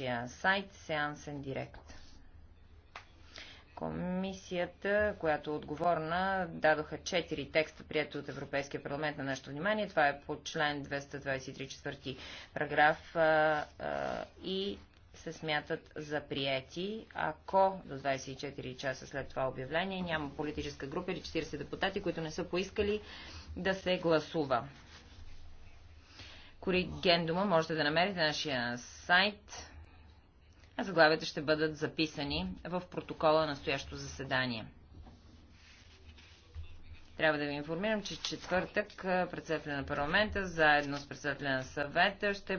нашия сайт сеансен директ. Комисията, която е отговорна, дадоха 4 текста, прияти от Европейския парламент на нашето внимание. Това е по член 223 параграф а, а, и се смятат за приети, ако до 24 часа след това обявление няма политическа група или 40 депутати, които не са поискали да се гласува. Коригендума можете да намерите на нашия сайт а заглавията ще бъдат записани в протокола на стоящо заседание. Трябва да ви информирам, че четвъртък председателя на парламента, заедно с председателя на съвета, ще